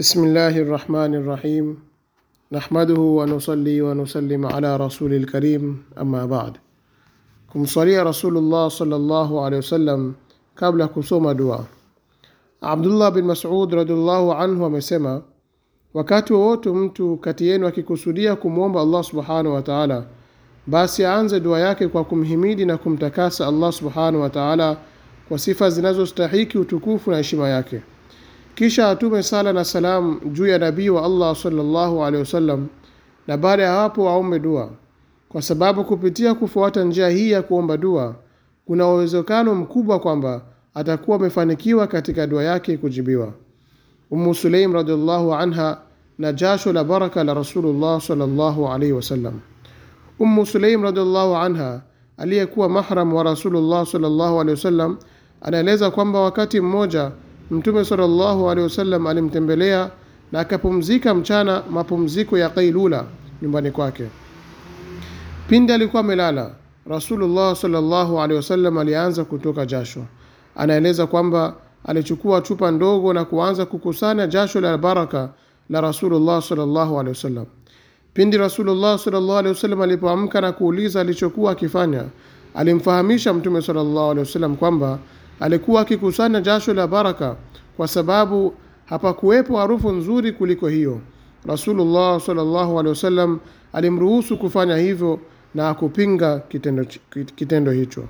بسم الله الرحمن الرحيم نحمده ونصلي ونسلم على رسول الكريم أما بعد kumswalia rasulullah salllahu alehi wasallam kabla ya kusoma dua abdullah bin masud radiallahu anhu amesema wa wakati wowote wa mtu kati yenu akikusudia kumwomba allah subhanahu wataala basi aanze dua yake kwa kumhimidi na kumtakasa allah subhanahu wataala kwa sifa zinazostahiki utukufu na heshima yake kisha atume sala na salamu juu ya nabii wa Allah sallallahu alaihi wasallam, na baada ya hapo aombe dua, kwa sababu kupitia kufuata njia hii ya kuomba dua kuna uwezekano mkubwa kwamba atakuwa amefanikiwa katika dua yake kujibiwa. Ummu Sulaim radhiallahu anha na jasho la baraka la Rasulullah sallallahu alaihi wasallam. Ummu Sulaim radhiallahu anha aliyekuwa mahram wa Rasulullah sallallahu alaihi wasallam anaeleza kwamba wakati mmoja Mtume sallallahu alaihi wasallam alimtembelea na akapumzika mchana mapumziko ya qailula nyumbani kwake. Pindi alikuwa amelala, Rasulullah sallallahu alaihi wasallam alianza kutoka jasho. Anaeleza kwamba alichukua chupa ndogo na kuanza kukusanya jasho la baraka la Rasulullah sallallahu alaihi wasallam. Pindi Rasulullah sallallahu alaihi wasallam alipoamka na kuuliza alichokuwa akifanya, alimfahamisha Mtume sallallahu alaihi wasallam kwamba alikuwa akikusanya jasho la baraka kwa sababu hapakuwepo harufu nzuri kuliko hiyo rasulullah salllahu alehi wasallam alimruhusu kufanya hivyo na akupinga kitendo, kitendo hicho